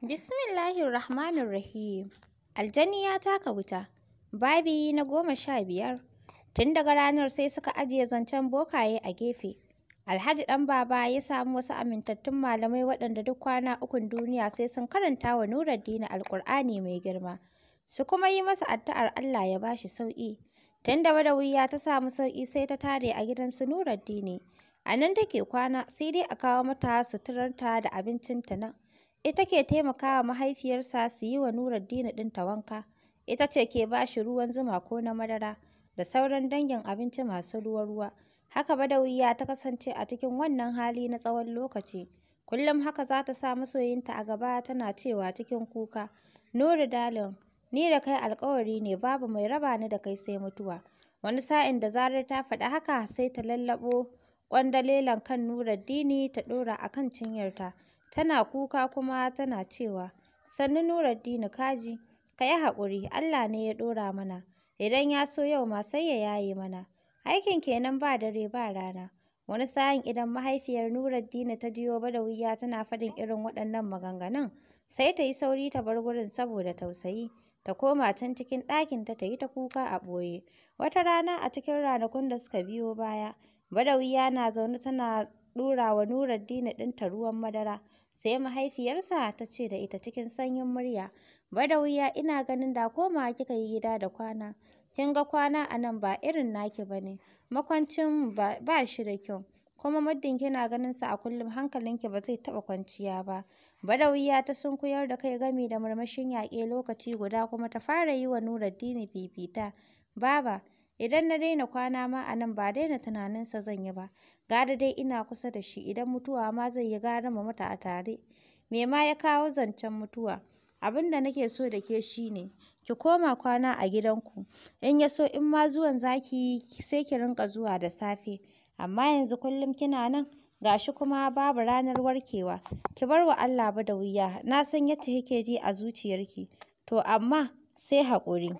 Bismillahirrahmanirrahim. Aljani ya taka wuta. Babi na goma sha biyar. Tun daga ranar sai suka ajiye zancen bokaye a gefe. Alhaji ɗan baba ya samu wasu amintattun malamai waɗanda duk kwana ukun duniya sai sun karanta wa nurar dini Alƙur'ani mai girma. Su kuma yi masa addu'ar Allah ya ba shi sauƙi. Tun da Badawiya ta samu sauƙi sai ta tare a gidan su dini. A nan take kwana sai dai a kawo mata suturarta da abincinta nan. ita ke taimakawa mahaifiyarsa su yi wa Nuruddin ɗin ta wanka, ita ce ke ba shi ruwan zuma ko na madara da sauran dangin abinci masu ruwa-ruwa. Haka Badawiya ta kasance a cikin wannan hali na tsawon lokaci. Kullum haka za ta sa masoyinta a gaba tana cewa cikin kuka, Nuri darling, ni da kai alkawari ne babu mai raba ni da kai sai mutuwa. Wani sa'in da zarar ta faɗi haka sai ta lallaɓo ƙwandalelan kan Nuruddini ta ɗora a kan cinyarta. tana kuka kuma tana cewa, sannu Nuraddini kaji, ka yi haƙuri, Allah ne ya ɗora mana, idan ya so yau ma sai ya yaye mana. Aikin kenan ba dare ba rana. Wani sa'in idan mahaifiyar Nuraddini ta jiyo bada wuya tana faɗin irin waɗannan maganganun, sai ta yi sauri ta bar gurin saboda tausayi, ta koma can cikin ɗakinta ta yi ta kuka a ɓoye. Wata rana a cikin ranakun da suka biyo baya, wuya na zaune tana ɗura wa Nuruddin ɗinta ruwan madara, sai mahaifiyarsa ta ce da ita cikin sanyin murya, Badawiya ina ganin da koma kika yi gida da kwana, kin ga kwana a nan ba irin naki ba ne, makwancin ba shi da kyau. kuma muddin kina ganin sa a kullum hankalinki ba zai taɓa kwanciya ba. Badawiya ta sunkuyar da kai gami da murmushin yaƙe lokaci guda kuma ta fara yi wa Nuruddini fifita. Baba, Idan na daina kwana ma a nan ba daina tunaninsa zan yi ba. Gada dai ina kusa da shi idan mutuwa ma zai yi gara mu mutu a tare. Me ma ya kawo zancen mutuwa? Abin da nake so da ke shi ne, ki koma kwana a gidan ku. In ya so in ma zuwan zaki yi sai ki rinƙa zuwa da safe. Amma yanzu kullum kina nan, ga shi kuma babu ranar warkewa. Ki bar wa Allah ba da wuya. na san yadda yake ji a zuciyarki. To amma sai haƙuri.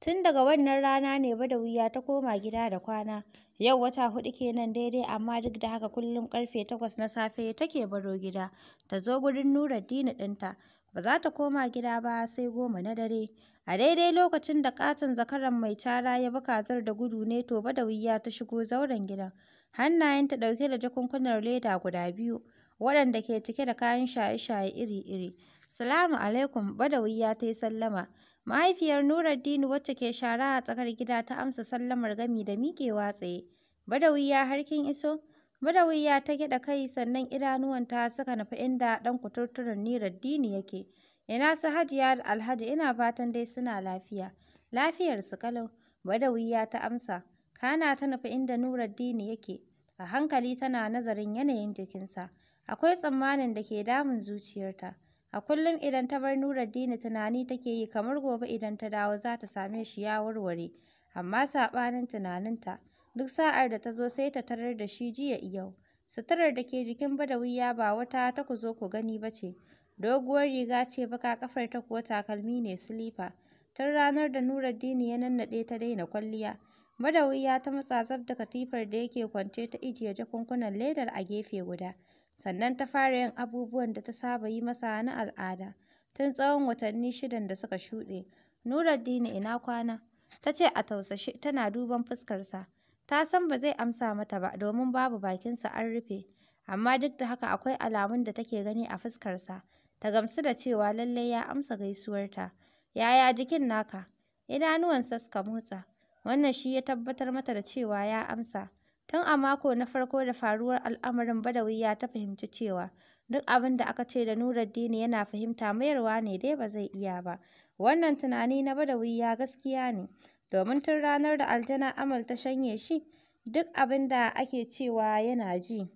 Tun daga wannan rana ne Badawiya ta koma gida da kwana. Yau wata huɗu kenan daidai amma duk da haka kullum ƙarfe takwas na safe take baro gida ta zo gurin Nuruddin ɗinta. Ba za ta koma gida ba sai goma na dare. A daidai lokacin da ƙaton zakaran mai cara ya bi kazar da gudu ne to Badawiya ta shigo zauren gidan. Hannayenta ɗauke da jakunkunan leda guda biyu waɗanda ke cike da kayan shaye-shaye iri-iri. Salamu alaikum Badawiya ta yi sallama. Mahaifiyar Nuruddin wacce ke shara a tsakar gida ta amsa sallamar gami da miƙewa tsaye. Badawiya har kin iso? Badawiya ta gyaɗa kai sannan idanuwanta Saka nufi inda ɗan kuturturin Nuruddin yake. Ina su Hajiya da Alhaji ina fatan dai suna lafiya. Lafiyar su kalau. Badawiya ta amsa. Kana ta nufi inda nuraddini yake. A hankali tana nazarin yanayin jikinsa. Akwai tsammanin da ke damun zuciyarta. A kullum idan ta bar Nuruddin tunani take yi kamar gobe idan ta dawo za ta same shi ya warware, amma saɓanin tunaninta, duk sa'ar da ta zo sai ta tarar da shi jiya iyau. Suturar da ke jikin Badawiya ba wata ta ku zo ku gani ba ce, doguwar riga ce baka kafar ta kuwa takalmi ne silifa. Tun ranar da Nuruddin ya nannaɗe ta daina kwalliya, Badawiya ta matsa zab da katifar da yake kwance ta ijiye jakunkunan ledar a gefe guda. sannan ta fara yin abubuwan da ta saba yi masa na al'ada tun tsawon watanni shida da suka shuɗe. nuraddini ina kwana? ta ce a tausashe tana duban fuskarsa. Ta san ba zai amsa mata ba domin babu bakinsa an rufe, amma duk da haka akwai alamun da take gani a fuskarsa. Ta gamsu da cewa lallai ya amsa gaisuwarta. Yaya jikin naka? Idanuwansa suka motsa. Wannan shi ya tabbatar mata da cewa ya amsa. Tun a mako na farko da faruwar al'amarin ya ta fahimci cewa duk abin da aka ce da Nuruddin yana fahimta mayarwa ne dai ba zai iya ba. Wannan tunani na ya gaskiya ne, domin tun ranar da aljana Amal ta shanye shi, duk abin da ake cewa yana ji,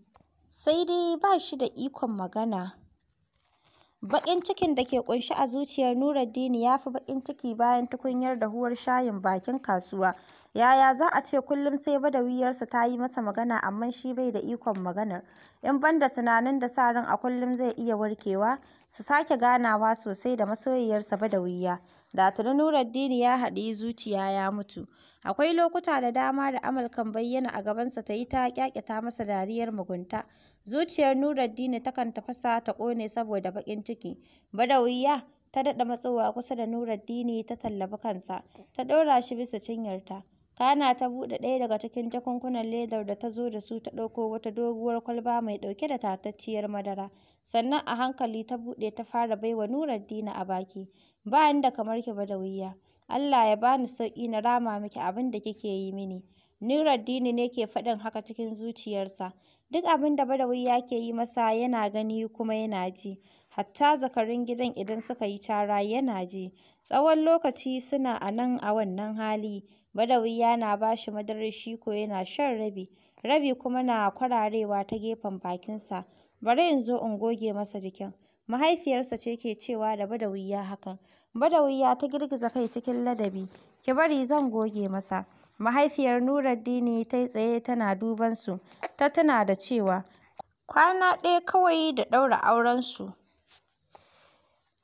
sai dai ba shi da ikon magana. Baƙin cikin da ke ƙunshe a zuciyar Nuruddin ya fi baƙin ciki bayan tukunyar dahuwar shayin bakin kasuwa. Yaya za a ce kullum sai badawiyarsa ta yi masa magana amma shi bai da ikon maganar. In ban da tunanin da sa ran a kullum zai iya warkewa, su sake ganawa sosai da masoyiyarsa badawiya. Da tuni Nuruddin ya haɗiyi zuciya ya mutu. Akwai lokuta da dama da Amal kan bayyana a gabansa ta yi ta ƙyaƙyata masa dariyar mugunta. Zuciyar Nuruddin takan tafasa ta ƙone saboda baƙin ciki. Badawiya ta daɗa matsowa kusa da Nuruddin ta tallabi kansa, ta ɗora shi bisa cinyarta. Kana ta buɗe ɗaya daga cikin jakunkunan ledar da ta zo da su ta ɗauko wata doguwar kwalba mai ɗauke da tatacciyar madara. Sannan a hankali ta buɗe ta fara baiwa Nuruddin a baki. Ba ni da kamar ki Badawiya. Allah ya bani sauƙi na rama miki abin da kike yi mini. Nuruddin ne ke faɗin haka cikin zuciyarsa. Duk abin da Badawi ke yi masa yana gani kuma yana ji. Hatta zakarun gidan idan suka yi cara yana ji. Tsawon lokaci suna a nan a wannan hali. Badawi yana ba shi madarar shi ko yana shan rabi. Rabi kuma na kwararewa ta gefen bakinsa. Bari in zo in goge masa jikin. Mahaifiyarsa ce ke cewa da ya hakan. ya ta girgiza kai cikin ladabi. Ki bari zan goge masa. Mahaifiyar dini ta yi tsaye tana duban su, ta tuna da cewa kwana ɗaya kawai da ɗaura aurensu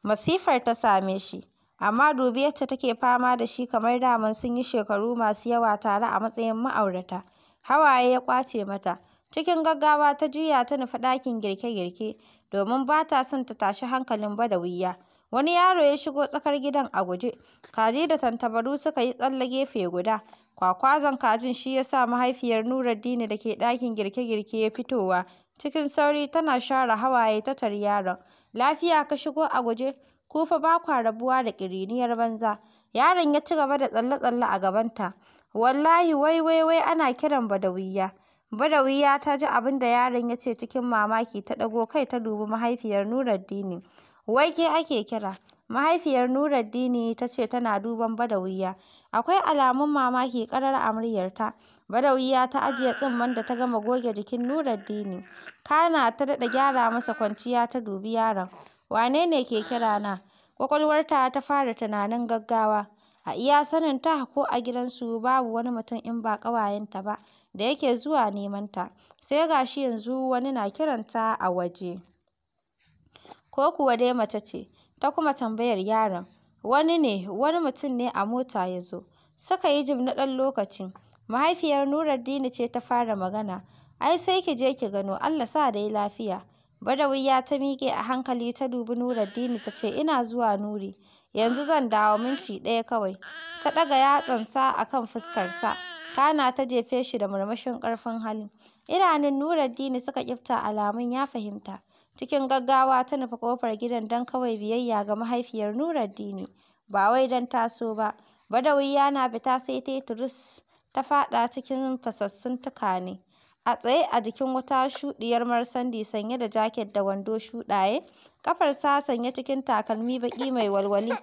masifar ta same shi. Amma dubi yadda take fama da shi kamar damar sun yi shekaru masu yawa tare a matsayin ma'aurata. Hawaye ya ƙwace mata. Cikin gaggawa ta juya ta nufi ɗakin girke-girke domin ba ta son ta tashi hankalin wuya. Wani yaro ya shigo tsakar gidan a guje. Kaji da tantabaru suka yi tsalle gefe guda. Kwakwazon kajin shi ya sa mahaifiyar Nuruddin da ke ɗakin girke-girke ya fitowa. Cikin sauri tana share hawaye ta tari yaron. Lafiya ka shigo a guje? Ku fa ba kwa rabuwa da ƙiriniyar banza. Yaron ya ci gaba da tsalle-tsalle a gabanta. Wallahi wai wai wai ana kiran Badawiya. Badawiya ta ji abin da yaron ya ce cikin mamaki ta ɗago kai ta dubi mahaifiyar Nuruddin. Wai ke ake kira? Mahaifiyar dini ta ce tana duban wuya. Akwai alamun mamaki karar amuryarta badawiya ta ajiye tsumman da ta gama goge jikin dini. Kana ta daɗa gyara masa kwanciya ta dubi yaron. Wane ne ke kira na? Ƙwaƙwalwarta ta fara tunanin gaggawa. A iya sanin ta ko a gidansu babu wani mutum in ba ƙawayenta ba da yake zuwa neman ta, sai gashi yanzu wani na kiranta a waje. ko kuwa dai mace ce? ta kuma tambayar yaron. Wani ne, wani mutum ne a mota ya zo. Suka yi jim na ɗan lokaci. Mahaifiyar nuraddini ce ta fara magana. Ai sai ki je ki gano, Allah sa dai lafiya. ya ta miƙe a hankali ta dubi nuraddini ta ce ina zuwa Nuri, yanzu zan dawo minti ɗaya kawai. Ta ɗaga yatsansa a kan fuskarsa. Kana ta jefe shi da murmushin ƙarfin hali. Idanun nuraddini suka ƙifta alamun ya fahimta. Cikin gaggawa ta nufi ƙofar gidan don kawai biyayya ga mahaifiyar Nuruddin, ba wai don taso so ba. Badawiyya na fita sai ta yi turus ta faɗa cikin fasassun tukwane. A tsaye a jikin wata shuɗiyar marsandi sanye da jaket da wando shuɗaye, ƙafarsa sanye cikin takalmi baƙi mai walwali,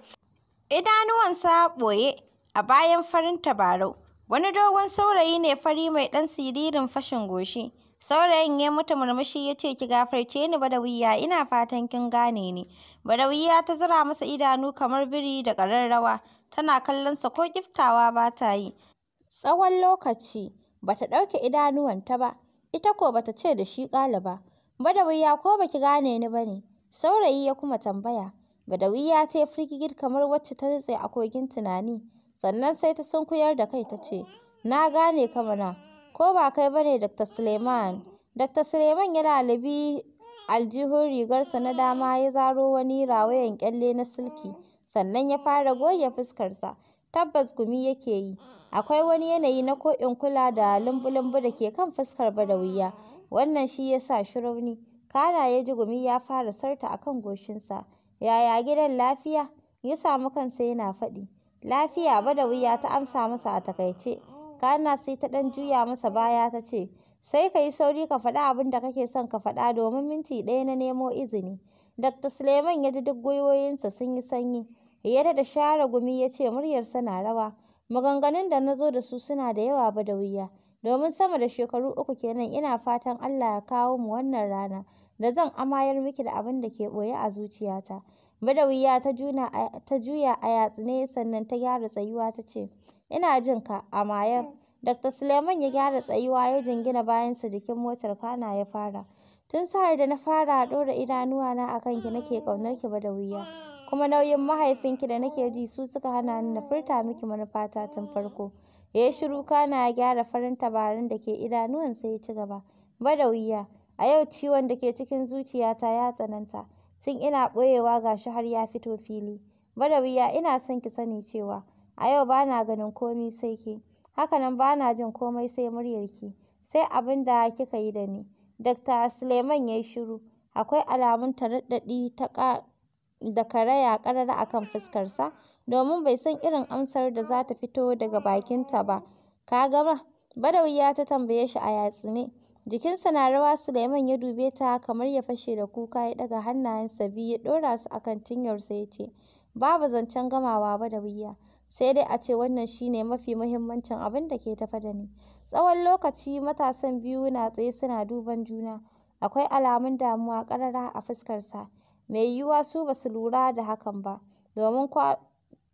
idanuwansa ɓoye a bayan farin tabarau. Wani dogon saurayi ne fari mai ɗan siririn fashin goshi. Saurayin ya mutu murmushi ya ce, Ki gafarce ni Badawiya, ina fatan kin gane ni. Badawiya ta zura masa idanu kamar biri da ƙararrawa, tana kallonsa ko kiftawa ba ta yi. Tsawon lokaci, ba ta ɗauke idanuwanta ba, ita ko ba ta ce da shi ƙaliba. Badawiya ko ba ki gane ni ba ne? Saurayi ya kuma tambaya. Badawiya ta yi firgigir kamar wacce ta nutse a kogin tunani, sannan sai ta sunkuyar da kai ta ce, Na gane ka ko ba kai ba ne Dr. Suleiman? Dr. Suleiman ya lalubi aljihun rigarsa na dama ya zaro wani rawayan kyalle na silki, sannan ya fara goge fuskarsa. Tabbas gumi yake yi. Akwai wani yanayi na ko'in kula da lumbu-lumbu da ke kan fuskar Badawiya. Wannan shi ya sa shi rauni. Kana ya ji gumi ya fara sarta a kan goshinsa. Yaya gidan lafiya? Ya samu kansa yana faɗi. Lafiya Badawiya ta amsa masa a takaice. kana sai ta ɗan juya masa baya ta ce sai ka yi sauri ka faɗi abin da kake son ka faɗa domin minti ɗaya na nemo izini dr suleiman ya ji duk gwiwoyinsa sun yi sanyi ya da share gumi ya ce muryarsa na rawa maganganun da na zo da su suna da yawa ba da wuya domin sama da shekaru uku kenan ina fatan allah ya kawo mu wannan rana da zan amayar miki da abin da ke ɓoye a zuciyata badawiya ta juya a yatsune sannan ta gyara tsayuwa ta ce Ina jin ka, Amayar. Dr. Suleiman ya gyara tsayuwa ya jingina bayansa jikin motar kana ya fara. Tun sa'ar da na fara ɗora idanuwa na a kanki nake ƙaunar ki ba da wuya Kuma nauyin mahaifinki da nake ji su suka hana ni na furta miki manufata tun farko. Ya yi shiru kana ya gyara farin tabarun da ke idanuwan idanuwansa ya ci gaba. wuya a yau ciwon da ke cikin zuciyata ya tsananta. Tun ina ɓoyewa gashi har ya fito fili. wuya ina son ki sani cewa A yau ba na ganin komai sai ke, haka nan ba na jin komai sai muryarki, sai abin da kika yi da ni. Dr. Suleiman ya yi shiru, akwai alamun taraɗaɗi da karaya ƙarara a kan fuskarsa, domin bai san irin amsar da za ta fito daga bakinta ba. Ka gama? ya ta tambaye shi a yatsune. Jikinsa na rawa Suleiman ya dube ta kamar ya fashe da kuka ya ɗaga hannayensa biyu ya ɗora su a kan cinyarsa ya ce, Babu zancen gamawa ba da wuya. sai dai a ce wannan shine mafi muhimmancin abin da ke tafe da ni. Tsawon lokaci matasan biyu na tsaye suna duban juna, akwai alamun damuwa ƙarara a fuskarsa, mai yiwuwa su ba su lura da hakan ba, domin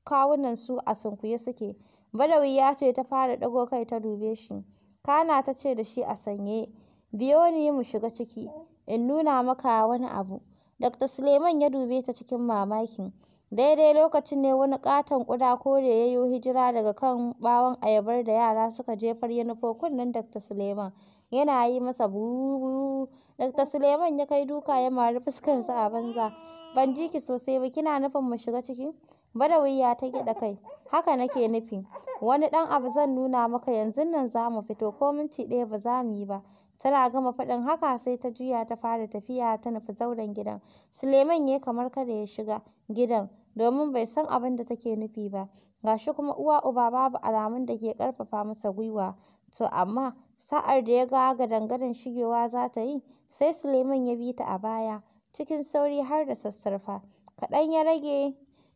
kawunansu a sunkuye suke. Badawi ya ce ta fara ɗago kai ta dube shi, Kana ta ce da shi a sanye, biyo ni mu shiga ciki, in nuna maka wani abu. Dr. Suleiman ya dube ta cikin mamaki. Daidai lokacin ne wani ƙaton ƙuda kore ya yo hijira daga kan ɓawon ayabar da yara suka jefar ya nufo kunnen Dr. Suleiman, yana yi masa buu-buu. Dr. Suleiman ya kai duka ya mari fuskarsa a banza. Ban ji ki sosai ba, kina nufin mu shiga ciki? Badawiya ta gyaɗa kai. Haka nake nufi. Wani ɗan abu zan nuna maka yanzu nan za mu fito ko minti ɗaya ba za mu yi ba. Tana gama faɗin haka sai ta juya ta fara tafiya ta nufi zauren gidan. Suleiman ya kamar kada ya shiga gidan. domin bai san abin da take nufi ba. Ga shi kuma uwa uba babu alamun da ke ƙarfafa masa gwiwa. To amma sa'ar da ya ga gadan-gadan shigewa za ta yi, sai Suleiman ya bi ta a baya cikin sauri har da sassarfa. Kaɗan ya rage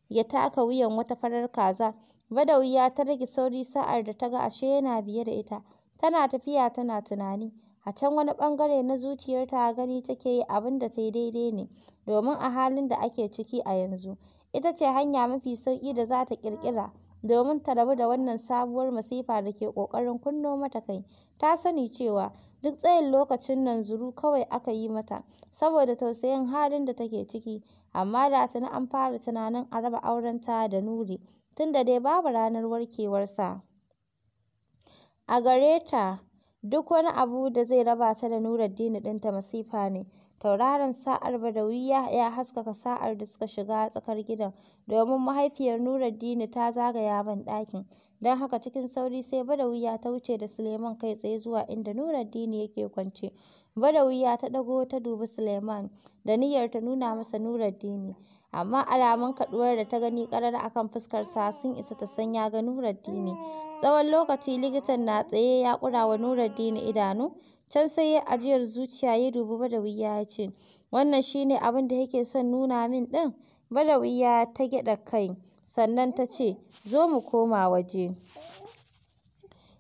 ya taka wuyan wata farar kaza. Badawiya ta rage sauri sa'ar da ta ga ashe yana biye da ita. Tana tafiya tana tunani. A can wani ɓangare na zuciyarta gani take yi abin da ta yi daidai ne, domin a halin da ake ciki a yanzu, ita ce hanya mafi sauƙi da za ta ƙirƙira domin ta rabu da wannan sabuwar masifa da ke ƙoƙarin kunno mata kai. Ta sani cewa duk tsayin lokacin nan zuru kawai aka yi mata saboda tausayin halin da take ciki, amma da tuni an fara tunanin a raba aurenta da Nuri, tunda dai babu ranar warkewarsa. A gare ta, duk wani abu da zai raba ta da Nuruddin ɗinta masifa ne. Tauraron Sa'ar Badawiya ya haskaka sa'ar da suka shiga tsakar gidan, domin mahaifiyar Nuruddin ta zagaya banɗakin, don haka cikin sauri sai Badawiya ta wuce da Suleiman kai tsaye zuwa inda Nuruddin yake kwance. Badawiya ta ɗago ta dubi Suleiman da niyyar ta nuna masa Nuruddin, amma alamun kaɗuwar da ta gani ƙarara akan kan fuskarsa sun isa ta san ya ga Nuruddin. Tsawon lokaci likitan na tsaye ya ƙura wa Nuruddin idanu. Can sai ya ajiyar zuciya ya dubi Badawiya ya ce, Wannan shi ne abin da yake son nuna min ɗin? Badawiya ta gyaɗa kai, sannan ta ce, Zo mu koma waje.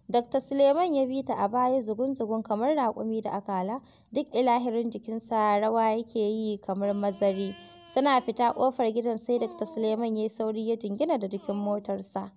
Dr. Suleiman ya bi ta a baya zugun-zugun kamar raƙumi da akala, duk ilahirin jikinsa rawa yake yi kamar mazari. Suna fita ƙofar gidan sai Dr. Suleiman ya yi sauri ya jingina da jikin motarsa.